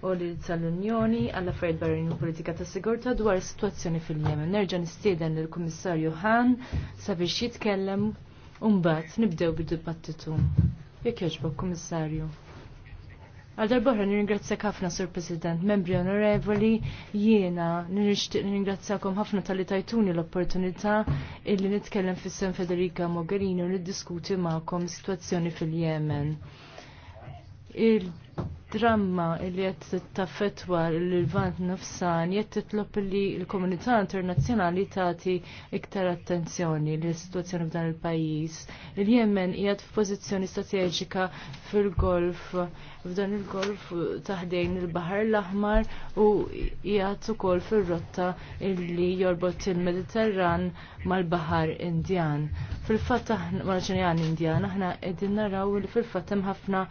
u li tal-Unjoni għall affarijiet barranin u politika ta' sigurta dwar is-sitwazzjoni fil jemen Nerġa' nistieden lill-Kummissarju Han sabiex jitkellem u mbagħad nibdew bid-dibattitu. Jekk jogħġbok, Kummissarju. Għal darbohra nirringrazzjak ħafna, Sur President, membri onorevoli, jiena nirrixtiq nirringrazzjakom ħafna tal-li tajtuni l-opportunità illi nitkellem fis san Federica Mogherini u niddiskuti ma'kom situazzjoni fil-Jemen dramma li qed taffetwa l Vant nofsan qed titlob li l-komunità internazzjonali tagħti iktar attenzjoni lis situazzjoni f'dan il-pajjiż. Il-Yemen hija f'pożizzjoni strateġika fil-Golf f'dan il-golf taħdejn il-Bahar l-Aħmar u jgħat ukoll fir-rotta illi jorbot il-Mediterran mal-Bahar Indjan. Fil-fatt mal-Oċenjan Indjan aħna qegħdin naraw li fil-fatt hemm ħafna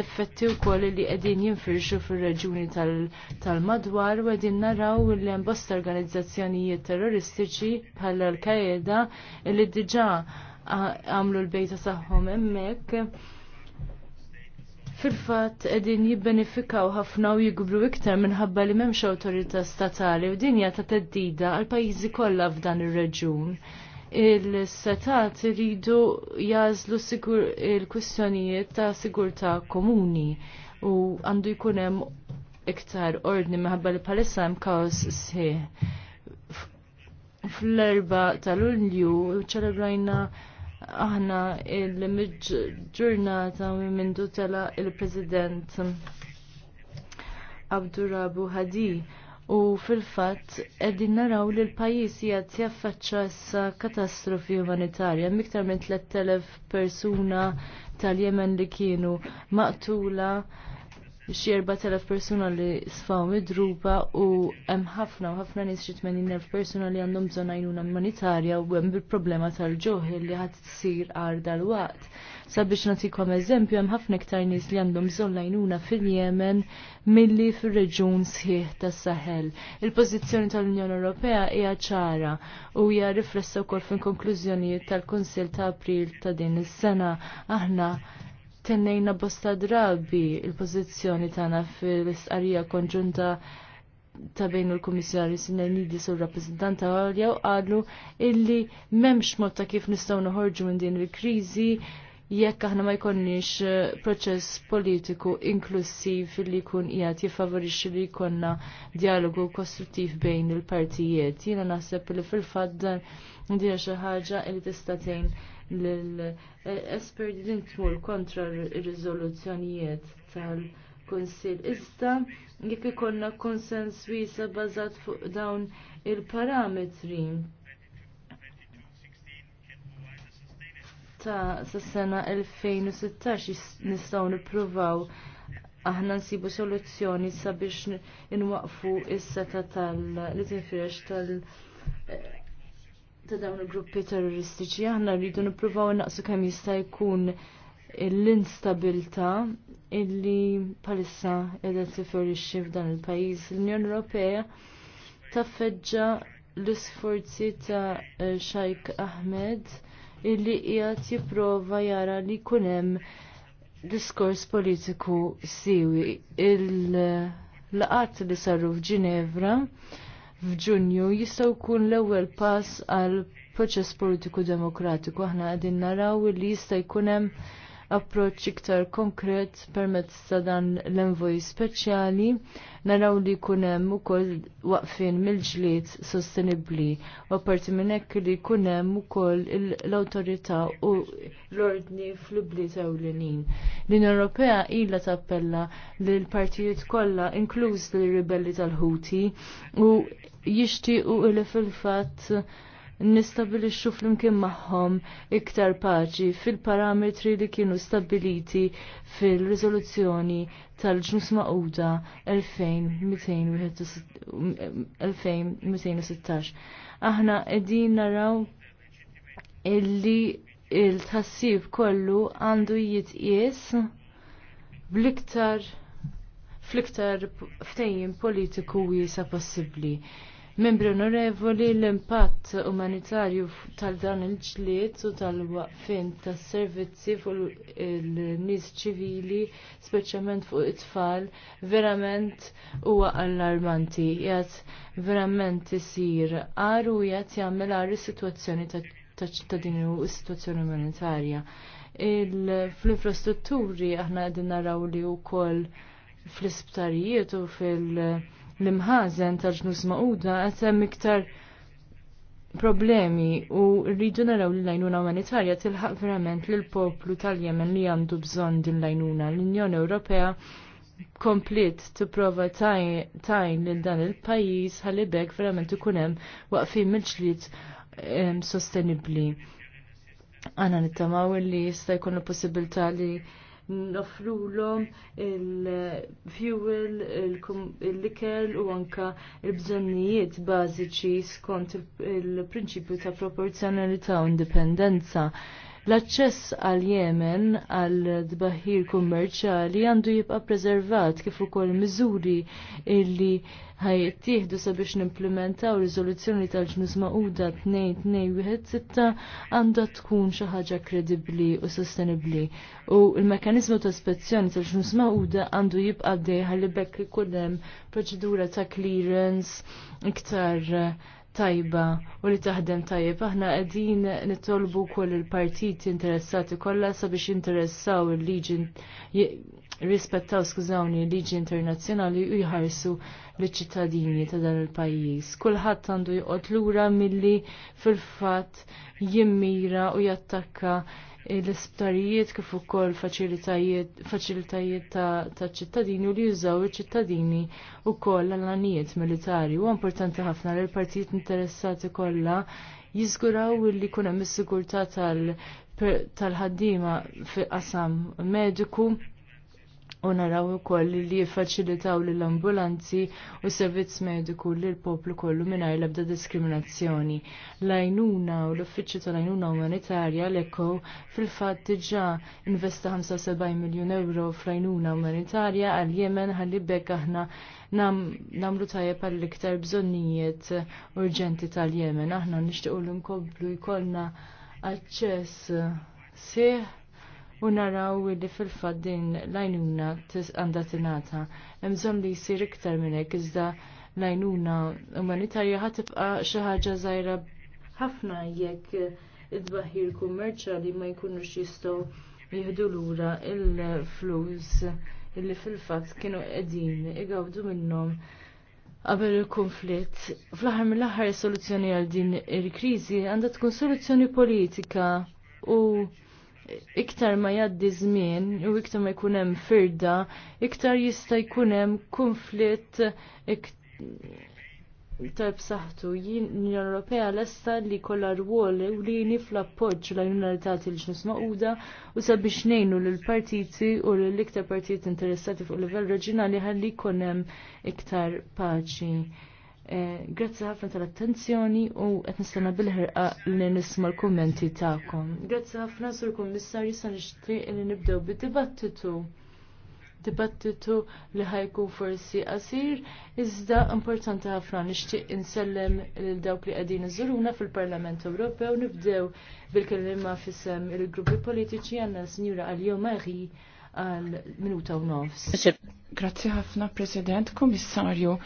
effetti wkoll li qegħdin jinfirxu fir-reġuni tal-madwar u qegħdin naraw li hemm bost organizzazzjonijiet terroristiċi bħala l-Qaeda li diġà għamlu l-bejta saħħom hemmhekk fil-fatt qegħdin jibbenifikaw ħafna u jikbru iktar minħabba li m'hemmx awtorità statali u dinja ta' teddida għal pajjiżi kollha f'dan ir-reġun. Il-setat iridu jazlu il-kwistjonijiet ta' sigurta komuni u għandu jkun hemm iktar ordni minħabba li palissa hemm kaos sħiħ fl-erba tal-Ulju ċelebrajna aħna il-ġurnata minn tela il-President Abdurabu Hadi u fil-fatt qegħdin naraw li l pajis jgħat jaffaċċa issa katastrofi umanitarja miktar minn 3000 persuna tal-Yemen li kienu maqtula xi telef persuna li sfaw midruba u hemm ħafna u ħafna nies xi nerf persuna li għandhom bżonn għajnuna umanitarja u hemm il-problema tal-ġoħi li ħadd tsir għarda l-waqt. Sabiex nagħtikom eżempju hemm ħafna ktar nies li għandhom bżonn għajnuna fil-Yemen milli fir-reġun sħiħ tas-Saħel. Il-pożizzjoni tal-Unjoni Ewropea hija ċara u hija riflessa wkoll fil-konklużjonijiet tal-Kunsill ta' April ta' din is-sena aħna tennejna bosta drabi il-pozizjoni tagħna fil istqarija konġunta ta' bejn il-Kummissarju Sinanidis u l-Rappresentant Għalja u qalu illi m'hemmx mod ta' kif nistgħu noħorġu minn din il-kriżi jekk aħna ma jkollniex eh, proċess politiku inklusiv li jkun qiegħed jiffavorixxi li jkollna dialogu kostruttiv bejn il-partijiet. Jiena naħseb li fil-fatt dan xi ħaġa li tista' tgħin l-espert din tmur kontra r rizoluzzjonijiet tal-Kunsill. Iżda jekk ikonna konsens wisa bazat fuq dawn il-parametri ta' s-sena 2016 nistgħu nippruvaw aħna nsibu soluzzjoni sabiex inwaqfu is-seta tal-li tinfirex tal-, ta' dawn il-gruppi terroristiċi aħna rridu nippruvaw naqsu kemm jista' jkun l-instabilta illi palissa qiegħda tifferixxi f'dan il-pajjiż. L-Unjoni Ewropea taffeġġa l-isforzi ta' Sheikh Ahmed illi qiegħed jipprova jara li jkun hemm diskors politiku siwi. Il-laqat li saru f'Ġinevra f'Ġunju jistgħu jkun l-ewwel pass għal proċess politiku demokratiku. Aħna qegħdin naraw li jista' jkun hemm approċċ iktar konkret permezz ta' dan l-envoj speċjali naraw li jkun hemm ukoll waqfin mill-ġlied sostenibbli u apparti minn hekk li jkun hemm ukoll l-awtorità u l-ordni fl-bliet ewlenin. L-Unjoni Ewropea ilha tappella l partijiet kollha inkluż l-ribelli tal-Ħuti u jixtiequ li fil-fatt nistabilixxu flimkien magħhom iktar paċi fil-parametri li kienu stabiliti fil-riżoluzzjoni tal-ġnus maquda 2216. Aħna qegħdin naraw illi il-tassib kollu għandu jitqies bl-iktar fl-iktar ftejjin politiku wiesa possibbli. Membri onorevoli, l-impatt umanitarju tal-dan il ġliet u tal-waqfin tas servizzi fuq il-nis ċivili, speċjalment fuq it-tfal, verament huwa allarmanti. Jgħat verament isir għar u jgħat jagħmel għar is-sitwazzjoni ta' ċittadini u s-sitwazzjoni umanitarja. Fl-infrastrutturi aħna qegħdin naraw li wkoll fl-isptarijiet u fil- l-imħazen tal-ġnus maquda qed hemm iktar problemi u rridu naraw lill l-lajnuna umanitarja tilħaq verament lill poplu tal-Jemen li għandu bżonn din l-lajnuna. L-Unjoni Ewropea komplit tipprova tajn lil dan il-pajjiż ħalli bekk verament ikun hemm waqfin mill-ġlied sostenibbli. Għana nittamaw li jista' jkun possibilità li nofrulhom il-fuel, il-likel u anka il-bżonnijiet bażiċi skont il-prinċipju ta' proporzjonalità u indipendenza. L-aċċess għal Yemen għal dbaħir kummerċali għandu jibqa' preservat kif ukoll miżuri illi ħajtieħdu sabiex nimplementaw riżoluzzjoni tal-ġnus maquda 2216 għandha tkun xi ħaġa kredibbli u sostenibbli. U l-mekkaniżmu ta' spezzjoni tal-ġnus maquda għandu jibqa' dejħa li bekk ikun hemm proċedura ta' clearance iktar eh, tajba u li taħdem tajjeb. Aħna qegħdin nittolbu wkoll il-partiti interessati kollha sabiex interessaw il-liġi rispettaw skużawni liġi internazzjonali u jħarsu li ċittadini ta' dan il-pajjiż. Kulħadd għandu joqgħod lura milli fil-fatt jimmira u jattakka l-isptarijiet kif ukoll faċilitajiet ta' ċittadini u li jużaw iċ-ċittadini ukoll l għanijiet militari. U importanti ħafna li l-partijiet interessati kollha jiżguraw li kun hemm is-sigurtà tal-ħaddiema fi qasam mediku u naraw ukoll li jiffaċilitaw lill ambulanzi u servizz mediku li l-poplu kollu mingħajr l-ebda diskriminazzjoni. l u l-Uffiċċju tal ajnuna Umanitarja l-Eko fil-fatt diġà investa 75 miljun euro fl-għajnuna umanitarja għal Yemen ħalli bekk aħna nam, namlu tajjeb l iktar bżonnijiet urġenti tal-Yemen. Aħna nixtiequ l-inkomplu jkollna aċċess sieħ u naraw li fil fad din lajnuna għandha tingħata. Hemm li jsir iktar minn hekk iżda lajnuna umanitarja ħad xaħġa xi ħaġa ħafna jekk id-dbaħir li ma jkunux jistgħu jieħdu lura il-flus illi fil-fatt kienu qegħdin igawdu minnhom qabel il-konflitt. Fl-aħħar mill-aħħar soluzzjoni għal din il-kriżi għandha tkun soluzzjoni politika u iktar ma jaddi żmien u iktar ma jkun hemm firda, iktar jista' jkun hemm konflitt iktar b'saħħtu. Jien l-Unjoni Ewropea lesta li kollha rwol u li nifla appoġġ l-Unjonitat li ġnus maquda u sabiex ngħinu lill partiti u l-iktar partiti interessati fuq level reġinali ħalli jkunem hemm iktar paċi. Eh, grazzi ħafna tal-attenzjoni u qed nistenna bil ħirqa li nisma' l-kummenti tagħkom. Grazzi ħafna sur kummissarju sa nixtieq li nibdew bid-dibattitu. Dibattitu li ħajkun forsi qasir iżda importanti ħafna nixtieq insellem lil dawk li qegħdin iżuruna fil-Parlament Ewropew nibdew bil kelma fisem il-gruppi politiċi għandna Sinjura għal Mari għal minuta u nofs. Grazzi ħafna, President, Komissarju.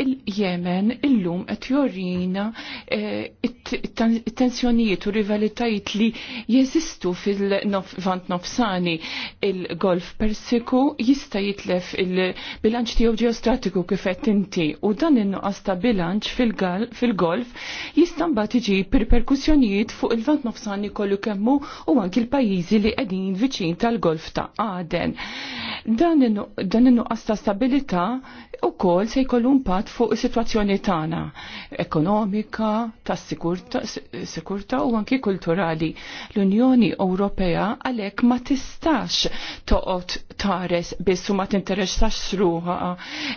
Il-Jemen illum qed jorina eh, it-tensjonijiet u rivalitajiet li jeżistu fil-vant nofsani il-Golf Persiku jista' jitlef il-bilanċ tiegħu ġeostratiku kif qed inti u dan in-nuqqas ta' bilanċ fil-golf jista' mbagħad iġib perkussjonijiet fuq il-vant nofsani kollu kemmu u anki l-pajjiżi li qegħdin viċin tal-Golf ta' Aden. Dan in nuqqas ta' stabilità wkoll se jkollu impatt fuq is-sitwazzjoni tagħna ekonomika, tas-sikurtà u anki kulturali. L-Unjoni Ewropea għalhekk ma tistax toqgħod tares biss u ma tinteressax ruha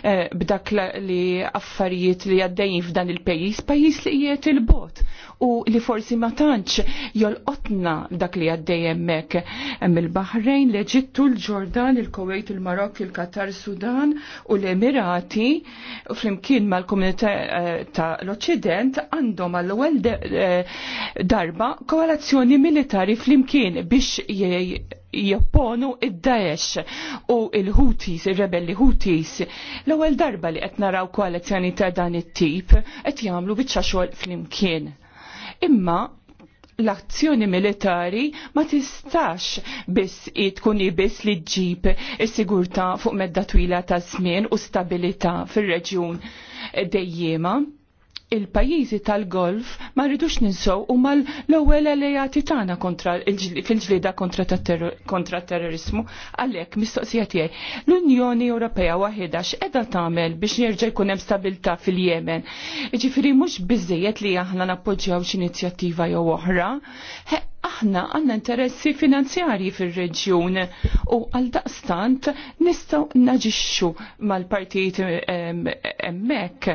eh, b'dak li affarijiet li għaddejn f'dan il-pajjiż, pajjiż li qiegħed il-bot u li forsi ma tantx jolqotna dak li għaddej hemmhekk hemm il bahrejn l-Eġittu, l-Ġordan, il-Kuwait, il-Marokk, il-Katar, sudan u l-Emirati u flimkien mal-komunità eh, ta' l-Oċident għandhom għall ewwel eh, darba koalazzjoni militari flimkien biex jopponu id-Daesh u il-Houthis, il-rebelli Houthis. L-ewwel darba li qed naraw koalizzjoni ta' dan it-tip qed jagħmlu biċċa xogħol flimkien. Imma l-azzjoni militari ma tistax biss tkun biss li ġib is-sigurtà fuq medda twila ta' żmien u stabilità fir-reġjun dejjema il-pajizi tal-golf ma rridux ninsow u mal l-ewwel alleati tagħna fil-ġlida kontra terrorismu għalhekk mistoqsija tiegħi l-Unjoni Ewropea waħedha x'qeda tagħmel biex jerġa' jkun hemm stabilità fil-Yemen. Jiġifieri mhux biżejjed li aħna nappoġġjaw x'inizjattiva jew oħra, aħna għanna interessi finanzjarji fil-reġjun u għal daqstant nistaw naġixxu mal-partijiet emmek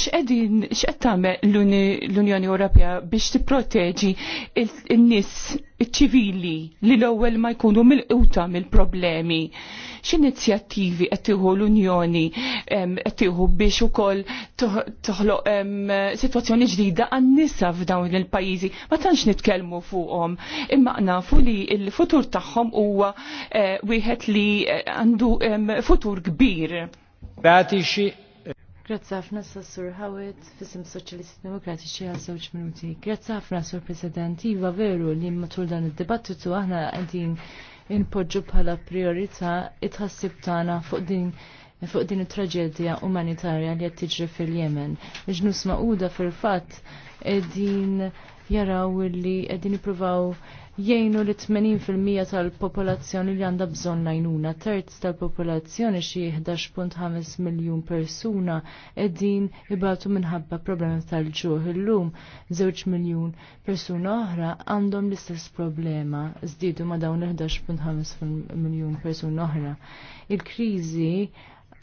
x'qed tagħmel l-Unjoni Ewropea biex tipproteġi n-nies ċivili li l-ewwel ma jkunu mill-quta mill-problemi. mill quta mill problemi x'inizjattivi qed tieħu l-Unjoni qed tieħu biex ukoll toħloq sitwazzjoni ġdida għan-nisa f'dawn il-pajjiżi. Ma tantx nitkellmu fuqhom, imma nafu li l-futur tagħhom huwa eh, wieħed li eh, għandu futur kbir. Grazie a ħafna Sassur Hawit, fisim Soċjalisti Demokratiċi għal żewġ minuti. Grazzi ħafna Sur President, iva veru li matul dan id-dibattitu aħna qegħdin inpoġġu bħala priorità it-ħassib tagħna fuq din fuq din it-traġedja umanitarja li qed tiġri fil-Yemen. L-ġnus maquda fil-fatt din jaraw li qegħdin jippruvaw jgħinu li 80% tal-popolazzjoni li għandha bżonn najnuna, terz tal-popolazzjoni xi 11.5 miljun persuna qegħdin ibatu minħabba problemi tal-ġuħ illum, 2 miljun persuna oħra għandhom l-istess problema żdiedu ma dawn 11.5 miljun persuna oħra. Il-kriżi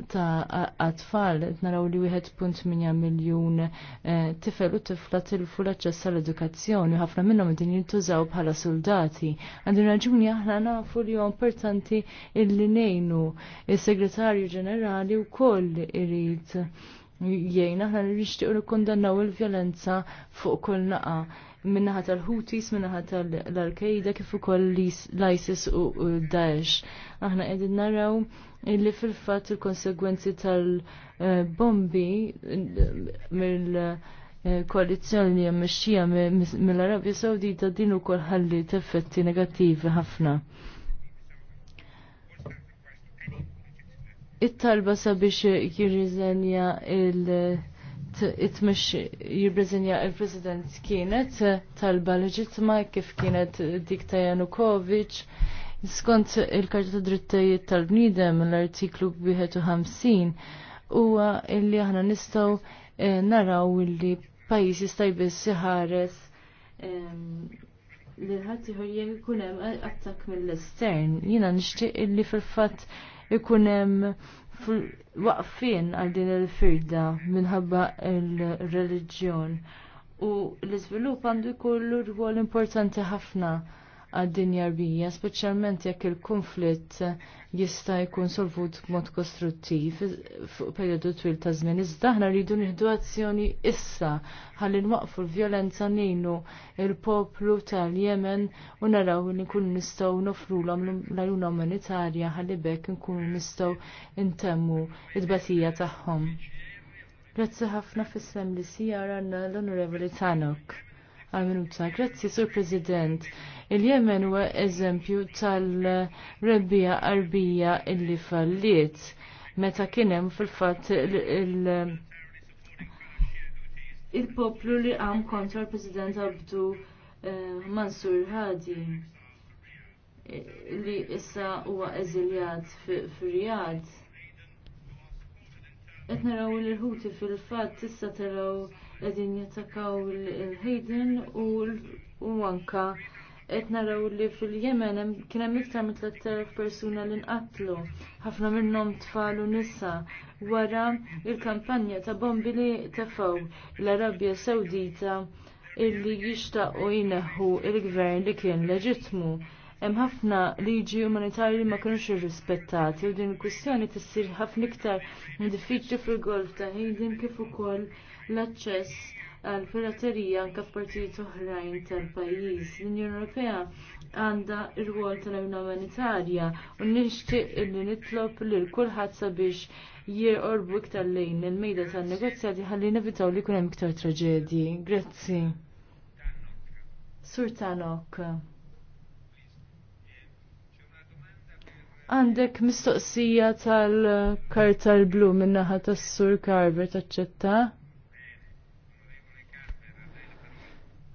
ta' għatfall, naraw li 1.8 miljon eh, tifel u tifla tilfu l-aċċess għall-edukazzjoni, ħafna minnhom din jintużaw bħala soldati. Għandin raġuni aħna nafu li importanti illi nejnu il-Segretarju Ġenerali u koll irrid jgħin aħna li nixtiequ kondannaw il-vjolenza fuq kull naqa minnaħat tal hutis minnaħat tal-Al-Qaeda, kif ukoll l-ISIS u Daesh. Aħna qegħdin naraw illi fil-fat il-konsegwenzi tal-bombi mill- eh, koalizjoni li jammexxija mill-Arabja Sawdita din ukoll ħallit effetti negattivi ħafna. It-talba sabiex jirriżenja il- itmex jirreżenja il-President kienet talba leġitma kif kienet dik ta' Janukovic Skont il-Karta ta' Drittajiet tal-Bniedem l-artiklu 51 huwa illi aħna nistgħu eh, naraw illi pajjiż jista' jbiss iħares ehm, li ħadd ieħor jekk ikun hemm attakk mill-estern. Jiena nixtieq illi fil-fatt ikun hemm waqfien għal din il-firda minħabba il-reliġjon u l-iżvilupp għandu jkollu rwol importanti ħafna għad-dinja rbija, speċjalment jekk il-konflitt jista' jkun solvut b'mod kostruttiv fuq perjodu twil ta' żmien. Iżda aħna rridu nieħdu azzjoni issa ħalli nwaqfu l-vjolenza ngħinu il-poplu tal-Yemen u naraw li nkun nistgħu nofrulhom l-ajuna umanitarja ħalli bekk nkunu nistgħu intemmu id-batija tagħhom. Grazzi ħafna fissem li sijar għandna l-Onorevoli Tanok. Għal minuta, grazzi, Sur President. Il-Jemen huwa eżempju tal-rebbija qarbija illi falliet meta kien hemm fil-fatt il-poplu li għam kontra l-President Abdu eh, Mansur Hadi li issa huwa eżiljat fir rijad Qed naraw l-ħuti fil-fatt issa taraw qegħdin jattakaw il-ħejden u anka qed naraw li fil-Yemen kien hemm iktar minn 3000 persuna li nqatlu, ħafna minnhom tfal u nisa wara il-kampanja ta' bombi li tefgħu l-Arabja Sawdita illi jixtaqu jneħħu l gvern li kien leġitmu hemm ħafna liġi umanitarji li ma kinux irrispettati u din il-kwistjoni tissir ħafna iktar diffiċli fil-golf ta' Haydin kif ukoll l-aċċess għal piraterija anke f'partijiet oħrajn tal-pajjiż. L-Unjoni Ewropea għandha r-rwol tal-għajna umanitarja u nixtieq li nitlob lil kulħadd sabiex jirqorbu iktar lejn il-mejda tan-negozjati ħalli nevitaw li jkun hemm iktar traġedji. Grazzi. Sur Għandek mistoqsija tal-kartal blu minnaħa tas-sur Carver taċċetta?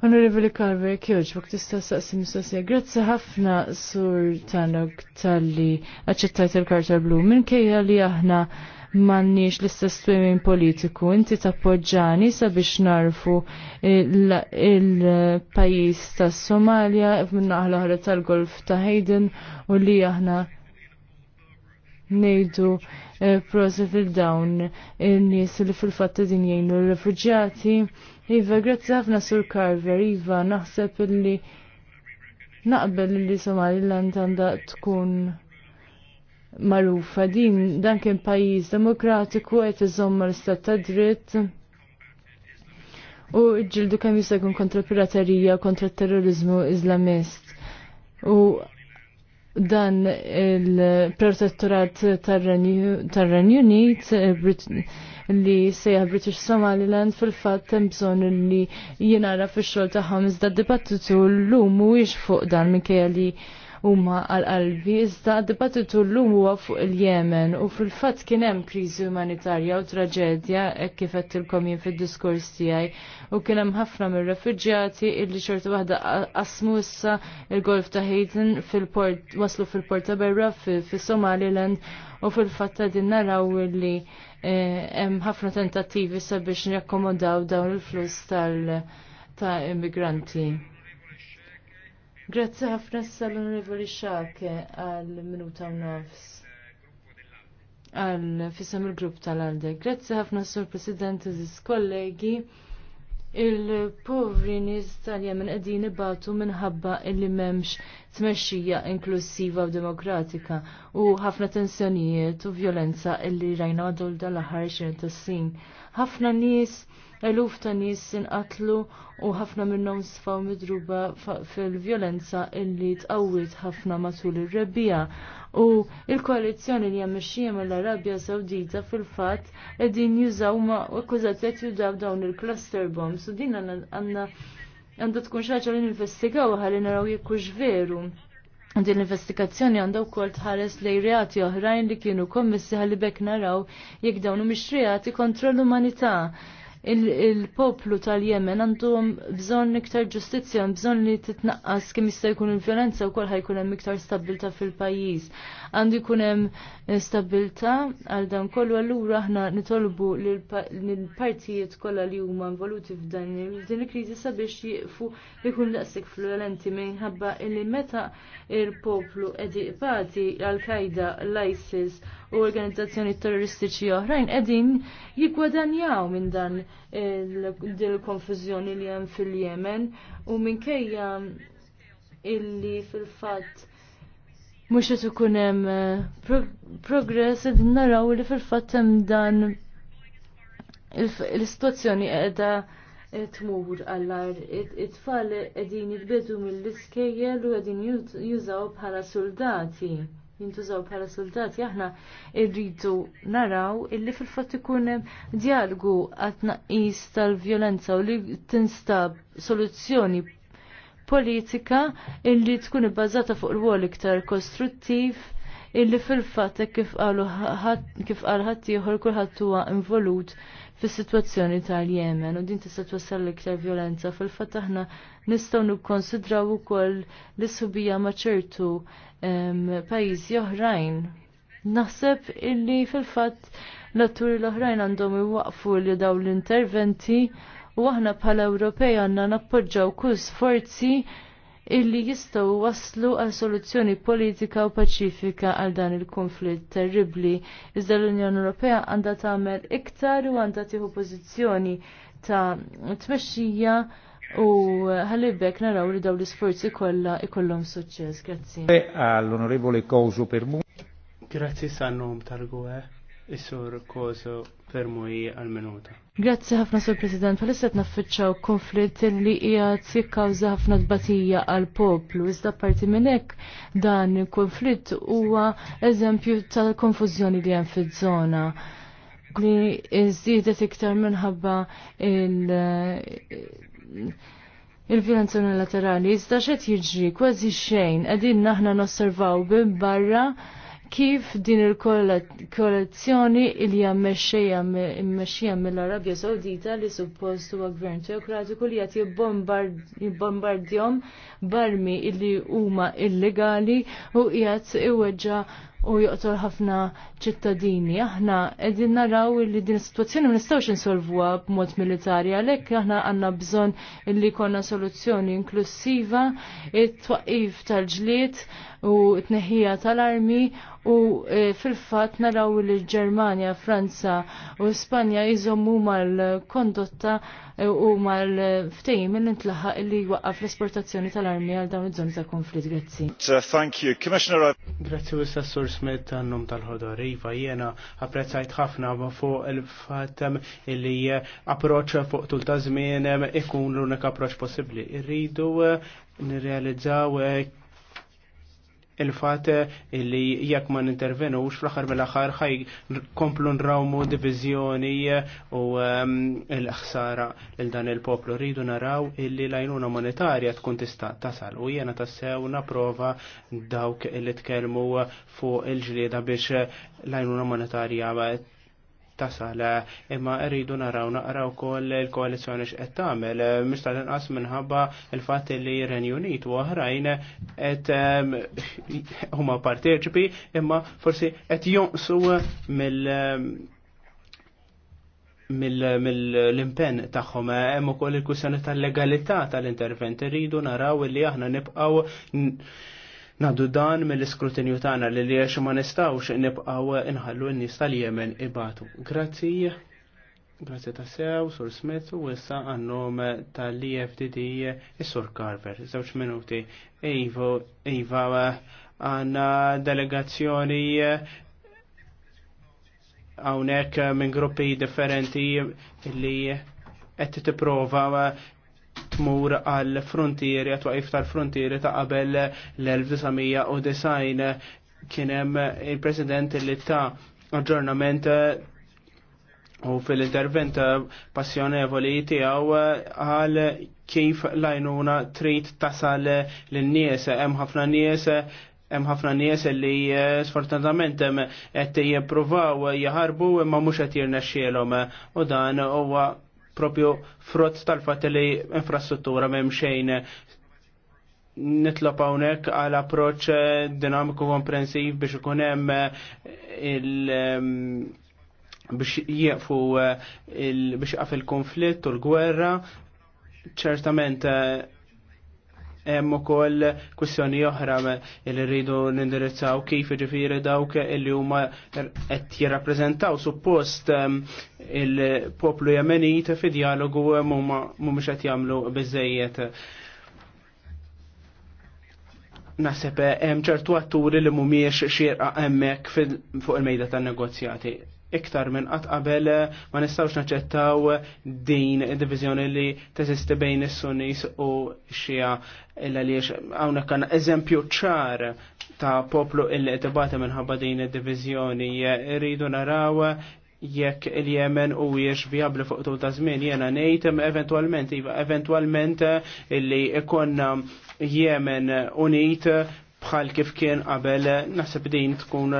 Onorevoli Calver, kjoġ, bok tista saqsi mistoqsija. Grazzi ħafna sur Tanok tal-li għacċettajt il-karta blu. Minn kejja li aħna mannix l-istess twemin politiku, inti tappoġġani sabiex narfu il-pajis ta' Somalia, minna ħla tal-golf ta' Hayden u li aħna nejdu eh, proset il-dawn il nies li fil-fatta din jgħinu l-refugġati. Iva, grazzi ħafna sur Carver, Iva, naħseb li naqbel li Somaliland għanda tkun marufa din dan kien pajjiż demokratiku qed iżommar l-istat ta' dritt u ġildu kemm jista' jkun kontra piraterija kontra terrorizmu Islamist. U dan il-protettorat tar-Renju Unit eh, li sejja British Somaliland fil-fatt hemm bżonn li jienara fix-xogħol tagħhom iżda dibattitu llum mhuwiex fuq dan minkejja li huma għal-qalbi, iżda dibattitu l-lum huwa fuq il-Jemen u fil-fatt kien hemm kriżi umanitarja u traġedja hekk kif qedtilkom jien fid-diskors tiegħi u kien hemm ħafna mir-refuġjati illi xorta waħda qasmu issa il-Golf ta' Hayden fil-port waslu fil-port ta' Berra fis-Somaliland u fil-fatt qegħdin naraw illi eh, hemm ħafna tentattivi sabiex nirakkomodaw dawn il-flus tal- ta' immigranti. Grazzi ħafna s-sal-onorevoli al għal-minuta Nafs. nofs. Għal fissam il-grupp tal alde Grazzi ħafna sur president iżis kollegi. Il-povri nis tal-jemen għedin ibatu minħabba illi memx tmexxija inklusiva u demokratika u ħafna tensjonijiet u violenza illi rajna għadol dal-ħar xirin tas-sin. ħafna nis eluf ta' nies inqatlu u ħafna minnhom sfaw midruba fil-vjolenza illi tqawwit ħafna matul ir-rebbija. U il-koalizzjoni li jammexxija mill-Arabja Sawdita fil-fatt qegħdin jużaw ma' akkużat qed jużaw dawn il-cluster bombs u din għandna għandha tkun xi ħaġa li ninvestigaw ħalli naraw jekk veru. Din l-investigazzjoni għandha wkoll tħares lej reati oħrajn li kienu kommissi ħalli bekk naraw jekk dawn mhumiex reati kontra l-umanità il-poplu tal-Jemen għandhom bżonn iktar ġustizzja, bżonn li titnaqqas kemm jista' jkun il-vjolenza kol ħajkun hemm iktar stabilta fil-pajjiż. Għandu jkun hemm stabilta għal dan kollu allura aħna nitolbu lill-partijiet kollha li huma involuti f'dan din il-kriżi sabiex jiqfu jkun daqsik fluenti minħabba illi meta il-poplu qed iqpati l kajda l-ISIS u organizzazzjoni terroristiċi oħrajn qegħdin jiggwadanjaw minn dan il-konfużjoni li hemm fil-Yemen u minkejja illi fil-fatt mhux qed ikun hemm eh, progress qegħdin naraw li fil-fatt hemm dan il-sitwazzjoni qiegħda tmur għallar it-tfal qegħdin jitbedu mill-iskejjel u qegħdin jużaw bħala soldati jintużaw bħala soldati, aħna irridu naraw illi fil-fatt ikun hemm dialogu għat tnaqqis tal-vjolenza u li tinstab soluzzjoni politika illi tkun ibbażata fuq l wol iktar kostruttiv illi fil-fatt kif qalu kif qal ħadd ieħor kulħadd huwa involut fis-sitwazzjoni tal-Yemen u din tista' twassal l-iktar violenza fil-fatt aħna nistgħu nikkonsidraw ukoll li subija ma' ċertu pajjiżi oħrajn. Naħseb illi fil-fatt l-atturi l-oħrajn għandhom iwaqfu li daw l-interventi u aħna bħala Ewropej għandna nappoġġaw kull sforzi illi jistaw waslu għal soluzzjoni politika u paċifika għal dan il-konflitt terribli. Iżda l-Unjoni Ewropea għandha tagħmel iktar u għandha tieħu pożizzjoni ta' tmexxija u ħalibek naraw li dawn l-isforzi kollha ikollhom suċċess. Grazzi. Għall-Onorevoli e Kozu per Grazzi sannum nom tal-gwe, is-sur fermuji għal-minuta. Grazzi ħafna sur President, palissa naffiċċaw konflitt li hija tikkawża ħafna tbatija għal poplu. Iżda parti minn hekk dan il-konflitt huwa eżempju tal-konfużjoni li hemm fiż-żona li iżdiedet iktar minħabba il- il-violenza unilaterali, iżda xed jiġri kważi xejn, qegħdin naħna nosservaw minn barra kif din il-koalizzjoni li jammexxija mill-Arabja Sawdita li suppost huwa gvern teokratiku li qed jibbombardjhom barmi li huma illegali u qiegħed iweġġa' u joqtol ħafna ċittadini. Aħna qegħdin naraw li din is-sitwazzjoni ma nistgħux insolvuha b'mod militari għalhekk aħna għandna bżonn li jkollna soluzzjoni inklusiva, it twaqif tal-ġlied u t-neħija tal-armi u e, fil-fat naraw li ġermania, Franza u Spanja jizommu mal-kondotta e, u mal-ftejim li ntlaħa li waqqaf l-esportazzjoni tal-armi għal dawn iż-żoni ta' konflitt. Grazzi. Uh, thank you. Commissioner uh, Grazzi u s-sassur Smith tan-num tal-ħodor. Iva, jena apprezzajt ħafna fuq il-fat um, li uh, approċ fuq tul ta' żmien um, ikun l-unika approċ possibbli. Irridu nirrealizzaw il-fat li jekk ma nintervenux fl-axar mill-axar ħaj komplu nrawmu divizjoni u ehm, l-ħsara il dan il-poplu rridu naraw illi lajnuna monetarja tkun tista' tasal u jena tassew naprova dawk li tkellmu fuq il-ġlieda biex lajnuna monetarja tasal imma rridu naraw naqraw kol il-koalizjoni x'qed tagħmel mhux tal-inqas minħabba l fatt li Renju Unit u oħrajn qed huma parteċipi imma forsi qed jonqsu mill mill-impenn tagħhom hemm ukoll il-kwissjoni tal-legalità tal-intervent irridu naraw li aħna nibqgħu Nadu dan mill-iskrutinju tagħna li li ma nistgħux nibqgħu inħallu n-nies tal-Jemen ibatu. Grazzi. Grazzi ta' sew, Sur Smith, u issa għannom tal-EFDD is-Sur Carver. Żewġ minuti. Eva Iva, għanna delegazzjoni għawnek minn gruppi differenti li għetti t-prova tmur għal frontieri, għatwaqif tal-frontieri ta' qabel l-1990 kienem il-president li ta' aġġornament u fil-intervent passjonevoli tiegħu għal kif lajnuna trid tasal l-nies, hemm ħafna nies hemm ħafna nies li eh, sfortunatament eh, qed jippruvaw jaħarbu imma mhux qed jirnexxielhom u dan huwa propju frott tal-fat li infrastruttura m'hemm xejn nitlob hawnhekk għal approċċ dinamiku komprensiv biex ikun hemm il biex jieqfu eh, biex jaqaf il-konflitt u l-gwerra ċertament eh, hemm ukoll kwistjoni oħra li rridu nindirizzaw kif jiġifieri dawk li huma qed jirrappreżentaw suppost ehm, il-poplu Jemenit fi dialogu mhumiex qed jagħmlu biżejjed. Naħseb hemm ċertu atturi li mhumiex xierqa hemmhekk fuq il-mejda tan-negozjati iktar minn qatt qabel eh, ma nistgħux naċċettaw din id-diviżjoni li teżisti bejn is-Sunnis u xija illa li hawnhekk kan eżempju ċar ta' poplu illi tibata minħabba din id-diviżjoni rridu naraw jekk il-Jemen u jiex viabli fuq ta' żmien jena ngħid eventwalment iva eventwalment eh, illi ikonna Jemen unit bħal kif kien qabel naħseb din tkun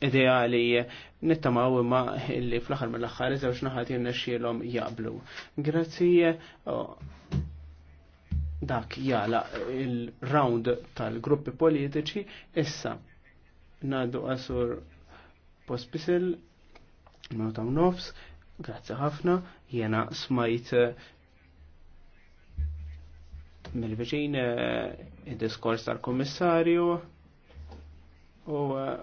ideali nittamaw imma illi fl-axar mill-axar iżewġ naħat jirnexxielhom jaqblu. Grazzi dak jala il-round tal-gruppi politiċi issa naddu qasur pospisil Notam nofs grazzi ħafna jena smajt eh, mill-veċin eh, id-diskors tal-kommissarju u eh,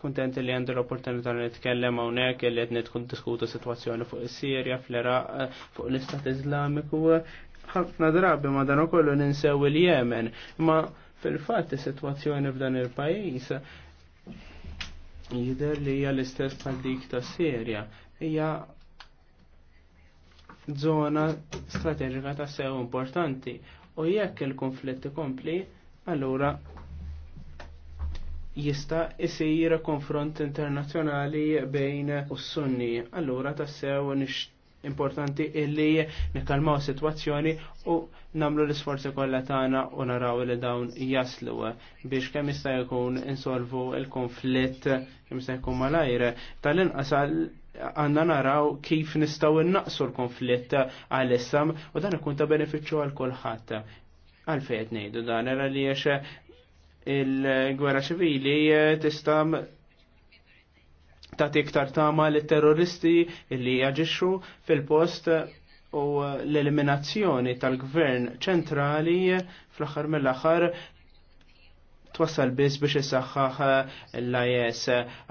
kontent li għandu l-opportunità li nitkellem hawnhekk li qed nidħol diskutu sitwazzjoni fuq is-Sirja, fl-Iraq, eh, fuq l-Istat Iżlamiku. Ħafna drabi ma dan ukollu ninsew il-Yemen, ma fil-fatt is-sitwazzjoni f'dan il-pajjiż jidher li hija l-istess bħal dik ta' Sirja. Hija zona strateġika ta' sew importanti u jekk il konflitti kompli allura jista isir konfront internazzjonali bejn u sunni. Allura tassew nix importanti illi nikalmaw situazzjoni u namlu l-isforzi kollha tagħna u naraw li dawn jaslu biex kemm jista' jkun insolvu il-konflitt kemm jista' jkun malajr. Tal-inqas għanna naraw kif nistaw innaqsu l-konflitt għal-issam u dan ikun ta' beneficju għal kulħadd. Għalfejn ngħidu dan era li il-gwerra ċivili eh, tista' tagħti iktar tama li terroristi li jaġixxu fil-post eh, u l-eliminazzjoni tal-gvern ċentrali eh, fl-aħħar mill-aħħar twassal biss biex isaxħaħ l-IS.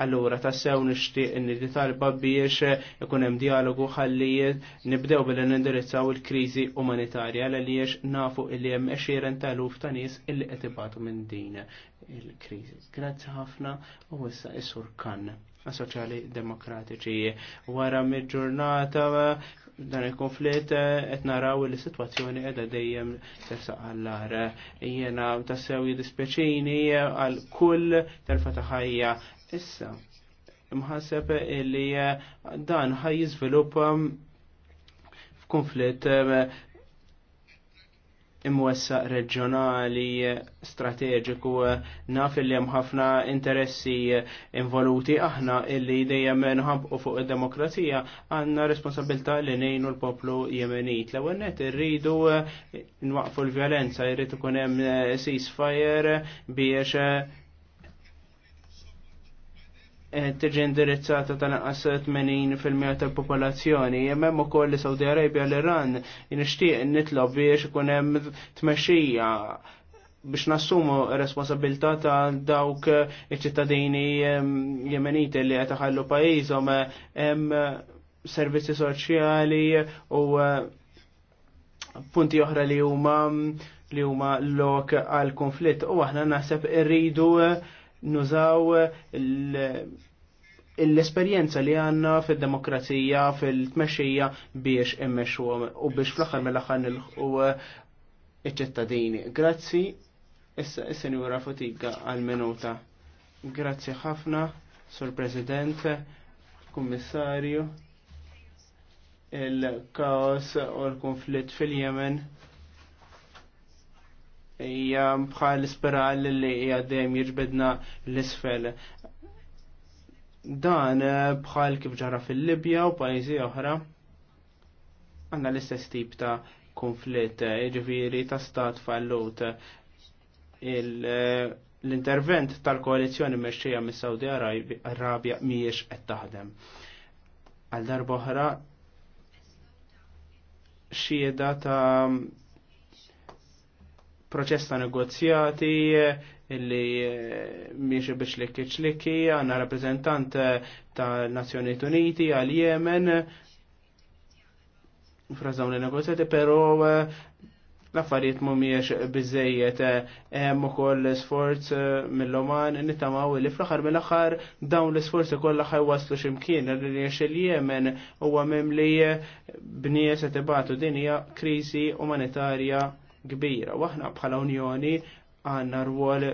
Allura tassew nixtieq inni talba biex ikun hemm dialogu ħallijiet, nibdew billi nindirizzaw il-kriżi umanitarja għaliex nafu li hemm tal-uf ta' nies illi qed ibatu minn din il-kriżi. Grazzi ħafna u issa isur kan soċjali demokratiċi. Wara mid-ġurnata dan il-konflitt eh, qed naraw li situazzjoni qiegħda dejjem tersaq għall-ar. Jiena tassew jidispeċini eh, għal kull terfa ta' ħajja. Issa, imħaseb li eh, dan ħaj jiżviluppa f'konflitt imwessa reġjonali strateġiku naf li hemm ħafna interessi involuti aħna illi dejjem nħabqu fuq id-demokrazija għandna responsabilità li ngħinu l-poplu Jemenit. L-ewwel net irridu nwaqfu l-vjolenza, jrid ikun hemm ceasefire biex Eh, tiġi indirizzata tal-anqas 80% tal-popolazzjoni. Jemmem u koll li Saudi Arabia l-Iran nixtieq nitlob biex ikun hemm tmexxija biex nassumu responsabilità ta' dawk iċ-ċittadini jemeniti li qed iħallu pajjiżhom hemm servizzi soċjali u eh, punti oħra li huma li huma lok għal konflitt u aħna naħseb irridu eh, nużaw l-esperienza li għanna fil-demokrazija, fil-tmexxija biex immexxu u biex fl-aħħar mill axar nilħu uh, iċ-ċittadini. Grazzi, issa is-senjura Fotiga għal-minuta. Grazzi ħafna, Sur President, Kummissarju, il-kaos u l-konflitt fil-Jemen hija bħal spiral li hija dejjem jiġbedna l-isfel. Dan eh, bħal kif ġara fil-Libja u pajjiżi oħra għandna l-istess tip ta' konflitt, eh, ġifiri ta' stat fallut. Eh, l-intervent tal-koalizjoni meċċija mis saudi Arabja miex qed taħdem. Għal darba oħra xieda ta' proċess ta' negozjati eh, illi eh, miexi biex li kiċliki, għanna rappresentant eh, ta' Nazzjoni Uniti għal Yemen, frażaw li negozjati, pero l-affarijiet miex bizzejiet hemm ukoll sforz mill-Oman nittamaw li fl-aħħar mill-aħħar dawn l-isforzi kollha ħajwaslu x'imkien li riex il-Yemen huwa mimli bnies qed ibatu din hija kriżi umanitarja kbira. Waħna bħala Unjoni għanna rwol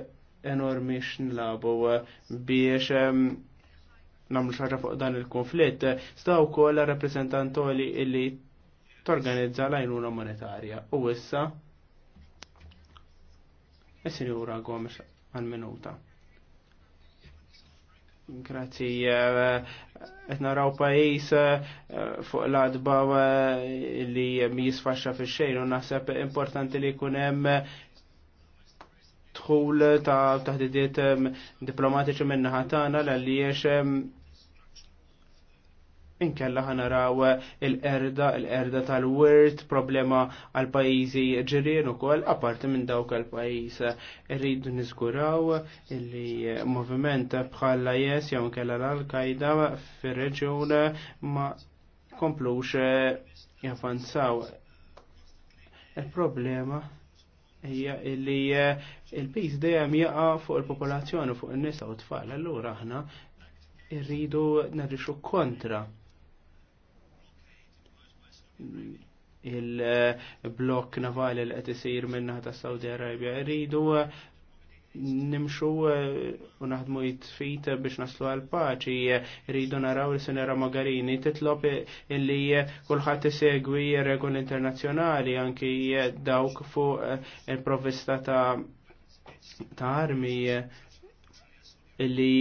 enormi x'nlabu biex ehm, namlu xaġa fuq dan il-konflitt. Staw kol rappresentantoli illi torganizza l-għajnuna monetarja. U issa, Is-sinjura għom għal-minuta. Grazzi, etna eh, naraw pajjiż eh, fuq l-adba eh, li jisfaxxa fix-xejn u naħseb importanti li jkun hemm ta' taħdidiet diplomatiċi l-għalli jiexem Inkella ħanaraw il-erda, il-erda tal-wirt, problema għal pajizi ġirien u koll, apparti minn dawk għal pajiz rridu nizguraw illi moviment bħalla jes jew kella l-Al-Qaida fir-reġjun ma komplux javanzaw. Il-problema hija illi il pajiz dejjem jaqa' fuq il-popolazzjoni fuq in-nisa u t-tfal, allura aħna irridu narrixu kontra il-blok navali li qed isir minnaħa ta' Saudi Arabia. Rridu eh, nimxu eh, u naħdmu jitfit biex naslu għal paċi. Rridu naraw li sinera Magarini titlob illi eh, kulħadd isegwi regoli internazzjonali anki dawk fuq il-provista ta' ta' armi illi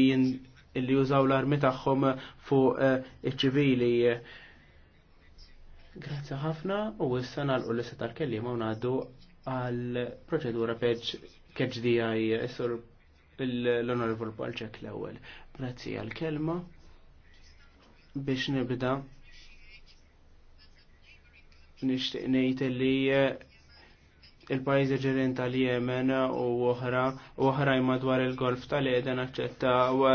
illi jużaw l-armi tagħhom fuq iċ-ċivili. Grazzi ħafna u issa nagħlqu l-lista tal-kelliema u ngħaddu għal proċedura keġdi għaj sur l-Onorevol Palċek l-ewwel. Grazzi għal kelma biex nibda nixtieq ngħid li eh, il pajjiżi ġirin tal-Jemen u oħra u oħrajn madwar il-Golf tal-Eden aċċettaw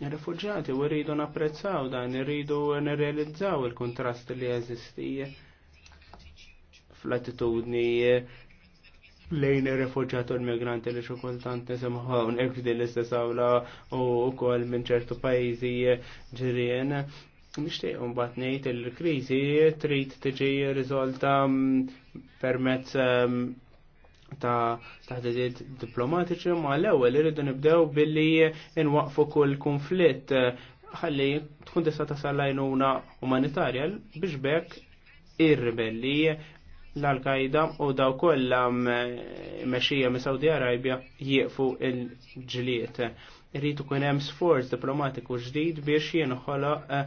refugjati u rridu napprezzaw dan, rridu nirrealizzaw il-kontrast li jeżisti fl-attitudni lejn ir-refuġjati u l-migranti li xukultant nisimħu nqek l-istess awla u wkoll minn ċertu pajjiżi ġirien. Nixtieq mbagħad ngħid il-kriżi trid tiġi riżolta mm, permezz mm, ta' taħdidiet diplomatiċi ma l-ewwel irridu nibdew billi nwaqfu kull konflitt eh, ħalli tkun tista' tasal lajnuna umanitarja biex bekk ir-ribelli l-Al-Qaida u daw kollha eh, mexija me Saudi Arabja jieqfu l ġliet Rritu kun hemm sforz diplomatiku ġdid biex jinħoloq eh,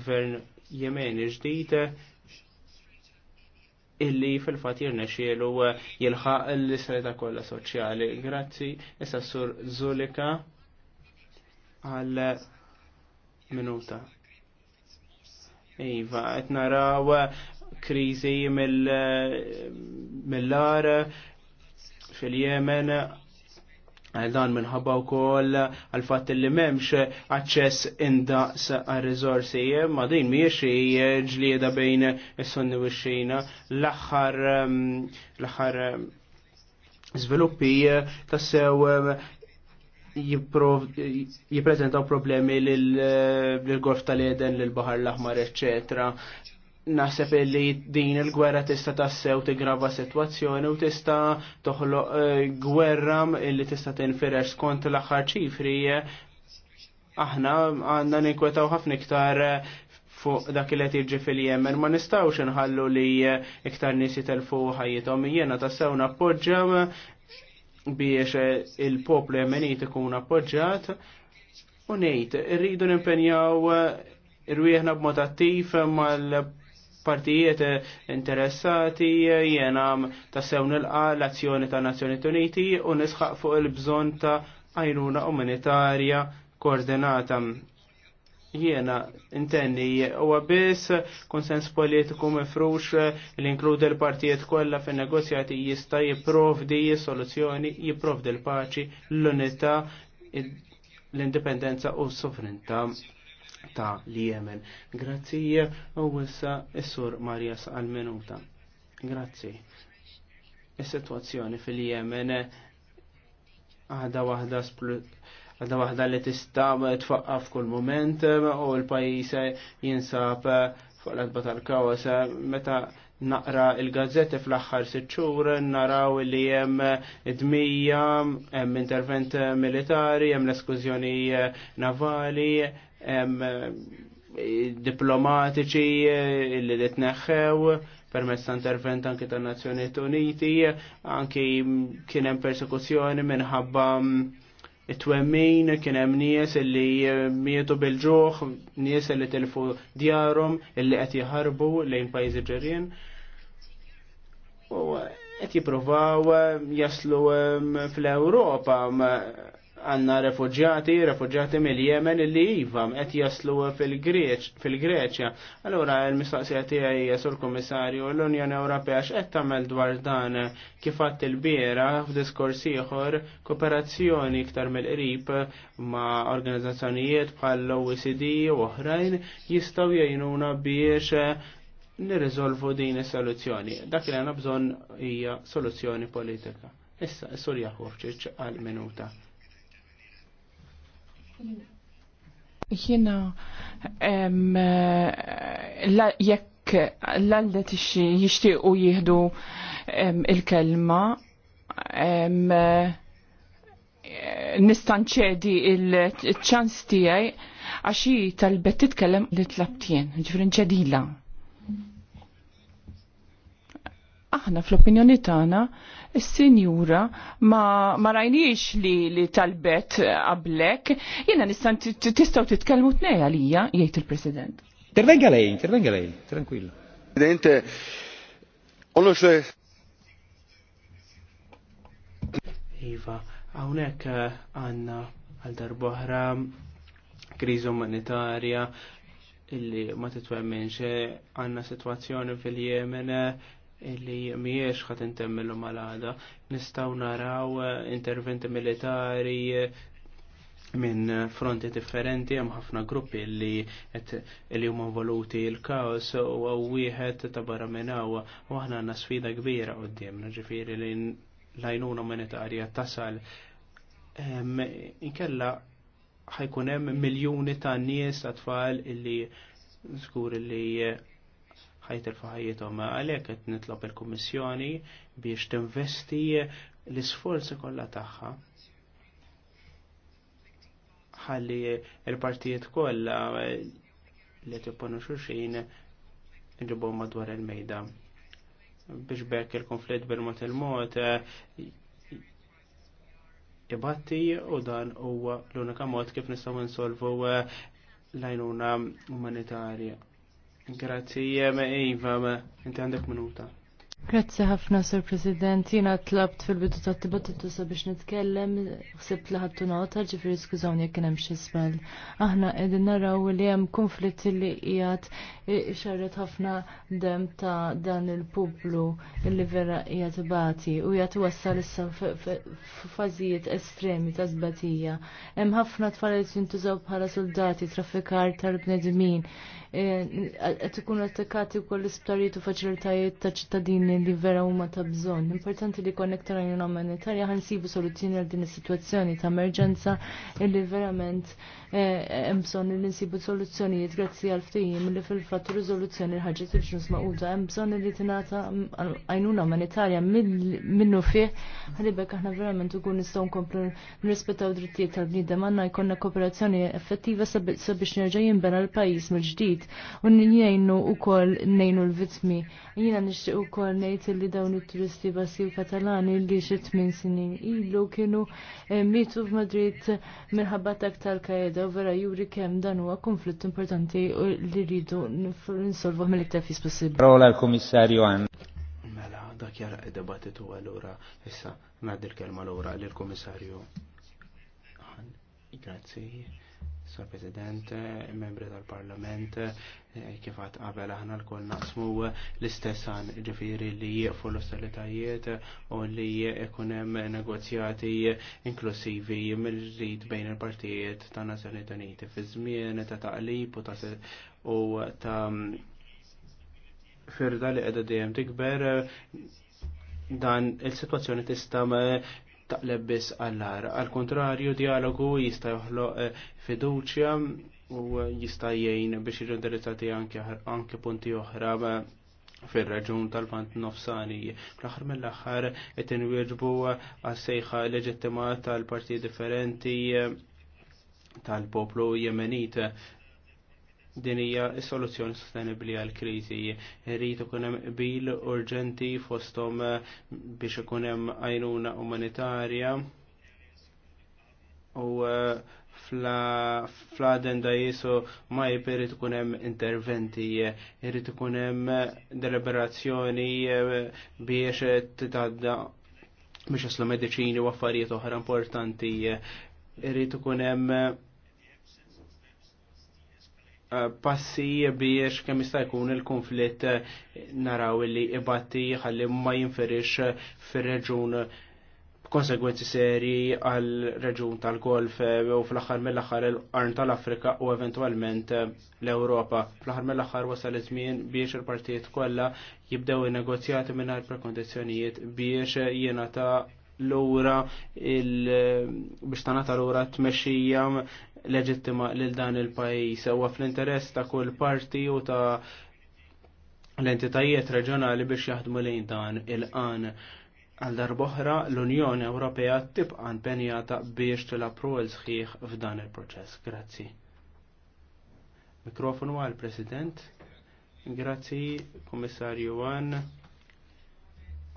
gvern Jemeni ġdid illi fil-fat jirnexielu eh, jilħaq l-istreta kollha soċjali. Grazzi, issa sur Zulika għal minuta. Iva, qed naraw eh, kriżi mill-lar eh, fil-Jemen Dan minħabba wkoll għal fatt li m'hemmx aċċess indaqs għar rizorsi ma din mhijiex ġlieda bejn is-sunni u xina L-aħħar ehm, l-aħħar ehm, żviluppi tassew ehm, jippreżentaw problemi l golf tal-Eden, lill baħar l-Aħmar, eccetera naħseb li din il-gwerra tista' tassew tigrava sitwazzjoni u tista' toħloq eh, gwerra li tista' tinfirex skont l-aħħar ċifri aħna għandna ninkwetaw ħafna iktar eh, fuq dak li qed jiġi fil jemen ma nistgħux inħallu li eh, iktar nies jitelfu ħajjithom jiena tassew nappoġġja biex il-poplu Yemenit ikun appoġġjat u ngħid irridu nimpenjaw irwieħna b'mod attiv mal partijiet eh, interessati eh, jena ta' nilqa l-azzjoni ta' Nazzjoni Uniti u nisħaq fuq il-bżon ta' għajnuna umanitarja koordinata jiena intenni huwa biss konsens politiku mifrux li inkludi l-partijiet kollha fin-negozjati jista' jipprovdi soluzzjoni, jipprovdi l-paċi, l-unità, l-indipendenza u s sovranità ta' li Jemen. Grazzi u issa s-sur Marjas għal-minuta. Grazzi. Is-situazzjoni fil-Jemen għada wahda għadda wahda li tista tfaqqaf kull moment u l-pajis jinsab fuq l-adba tal-kawas meta naqra il-gazzetti fl-axħar xhur naraw li jem dmija, jem intervent militari, jem l-eskużjoni navali, diplomatiċi eh, li li tneħħew permess ta' intervent anki ta' Nazzjonijiet Uniti, anki kien hemm persekuzzjoni minħabba mm, it-twemmin, kien hemm nies li eh, mietu bil-ġuħ, nies li tilfu djarum, illi qed jħarbu lejn pajjiżi ġerien U qed jiprofaw eh, jaslu fl-Ewropa għanna refugjati, refugjati mill-Jemen li jivam qed jaslu fil-Greċja. Allora l mistoqsija tiegħi hija sur Kummissarju l-Unjoni Ewropea x'qed tagħmel dwar dan kif il-biera f'diskors ieħor kooperazzjoni iktar mill-qrib ma' organizzazzjonijiet bħal l-OECD u oħrajn jistgħu jgħinuna biex nirriżolvu din is-soluzzjoni. Dak li għandna bżonn hija soluzzjoni politika. Issa, s-sur jaħuħ għal-minuta. Jena, jekk l-għallet u jihdu il-kelma, nistanċedi il-ċans tijaj għaxi tal-bet titkellem li t-labtien, ġifrin ċedila. aħna fl-opinjoni tagħna is-sinjura ma, ma rajniex li, li talbet qablek. Jiena nista' tistgħu titkellmu tnej għalija, jgħid il-President. Intervenga lei, intervenga lei, tranquillo. Presidente, xe... Iva, hawnhekk eh, għandna għal darbohra kriżi umanitarja illi ma titwemminx eh, għanna situazzjoni fil-Jemen eh, illi miex ħat intemmillu mal-għada, nistaw naraw interventi militari minn fronti differenti, hemm ħafna gruppi li li huma involuti l kaos u wieħed ta' barra minn u aħna għandna sfida kbira qudiemna, ġifieri li l-għajnuna umanitarja tasal inkella ħajkun hemm miljuni ta' nies ta' tfal illi żgur illi ħajtil faħajietom. Għalek qed nitlob il-Kummissjoni biex tinvesti l-isforzi kollha tagħha ħalli il-partijiet kollha li tipponu xuxin nġibu madwar il-mejda. Biex bekk il-konflitt bil-mot il-mot ibatti u dan huwa l-unika mod kif nistgħu nsolvu l-għajnuna umanitarja. Grazie, Iva, iva inti għandek minuta. Grazzi ħafna, Sir President. Jina tlabt fil-bidu ta' dibattitu sabiex nitkellem, xsibt li ħattu nota, ġifri skużawni jek hemm xi żball. Aħna qegħdin naraw li hemm konflitt li jgħat xarret ħafna dem ta' dan il-publu li vera jgħat bati u qiegħed wassal issa f'fażijiet estremi ta' żbatija. Hemm ħafna tfal li jintużaw bħala soldati trafikar tal-bnedmin qed ikunu attakkati wkoll l-isptarijiet u faċilitajiet ta' ċittadini li vera huma ta' bżonn. Importanti li konnektar l-Unjoni Umanitarja ħansibu soluzzjoni għal din is-sitwazzjoni ta' emerġenza illi verament eh, hemm bżonn li nsibu soluzzjonijiet grazzi għal ftehim li fil-fatt riżoluzzjoni ħarġet il-ġnus maquda hemm bżonn li tingħata għajnuna umanitarja minnu fih ħalibek aħna verament ikun nistgħu nkomplu nirrispettaw drittijiet tal-bniedem għandna jkollna kooperazzjoni effettiva sabiex nerġa' jinbena l-pajjiż mill-ġdid ġdid u njajnu u kol nejnu l-vitmi. Jina nixtieq ukoll ngħid li dawn it-turisti Basil Katalani li xi tmien snin ilu kienu eh, mitu f'Madrid minħabba tak tal kajeda u vera juri kemm dan huwa konflitt importanti li rridu n-solvu mill-iktar fis possibbli. Rola l komissarju għan. Mela, dak jara id-debattitu għallura, issa ngħaddi l-kelma l-ura l-komissarju. Grazzi Sur President, membri tal-Parlament, eh, kif għat qabel aħna l-kol naqsmu l-istess ġifiri li jieqfu l-ostalitajiet u li ikunem negozjati inklusivi mill-ġrid bejn il-partijiet ta' nazjonijiet Uniti fi żmien ta' taqlib u ta' u ta' firda li qiegħda dejjem tikber dan il-situazzjoni tista' taqleb biss għallar. Al kontrarju, dialogu jista' joħloq eh, fiduċja u jista' jgħin biex irrendirizzati anke punti oħra fil-raġun tal bant nofsani. Fl-axar mill-axar qed inwieġbu għas-sejħa leġittimata tal-parti differenti eh, tal-poplu jemenit din hija soluzzjoni sostenibbli għal kriżi Rrid ikun hemm bil urġenti fosthom eh, biex ikun hemm għajnuna umanitarja u eh, fl-għaden da jisu ma jipir ikun hemm interventi, irrid ikun hemm deliberazzjoni eh, biex t-tadda biex jaslu medicini u affarijiet oħra importanti, irrid ikun hemm passi biex kemm jista' jkun il-konflitt eh, naraw li ibatti ħalli ma jinferix fir-reġun konsegwenzi seri għal reġun tal-golf eh, u fl-aħħar mill-aħħar il-qarn tal-Afrika u eventualment eh, l-Ewropa. Fl-aħħar mill-aħħar wasal iż-żmien biex il-partijiet kollha jibdew in-negozjati mingħajr prekondizzjonijiet biex jingħata l-ura biex tagħna l-ura t leġittima lil dan il-pajis għaf fl-interess ta' kull parti u ta' l-entitajiet reġjonali biex jaħdmu lejn dan il-qan. Għal darboħra l-Unjoni Ewropea tibqa' impenjata biex tilapru l sħiħ f'dan il-proċess. Grazzi. Mikrofonu għal President. Grazzi, Komissarju Wan.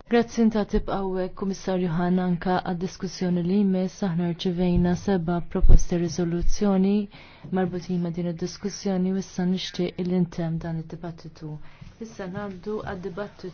Grazzi ta' tibqawek, eh, Johan, anka għad-diskussjoni li jmiss aħna rċivejna seba proposti rizoluzzjoni marbuti ma' din id-diskussjoni u issa nixtieq il-intem dan id-dibattitu. Issa ngħaddu għad-dibattitu.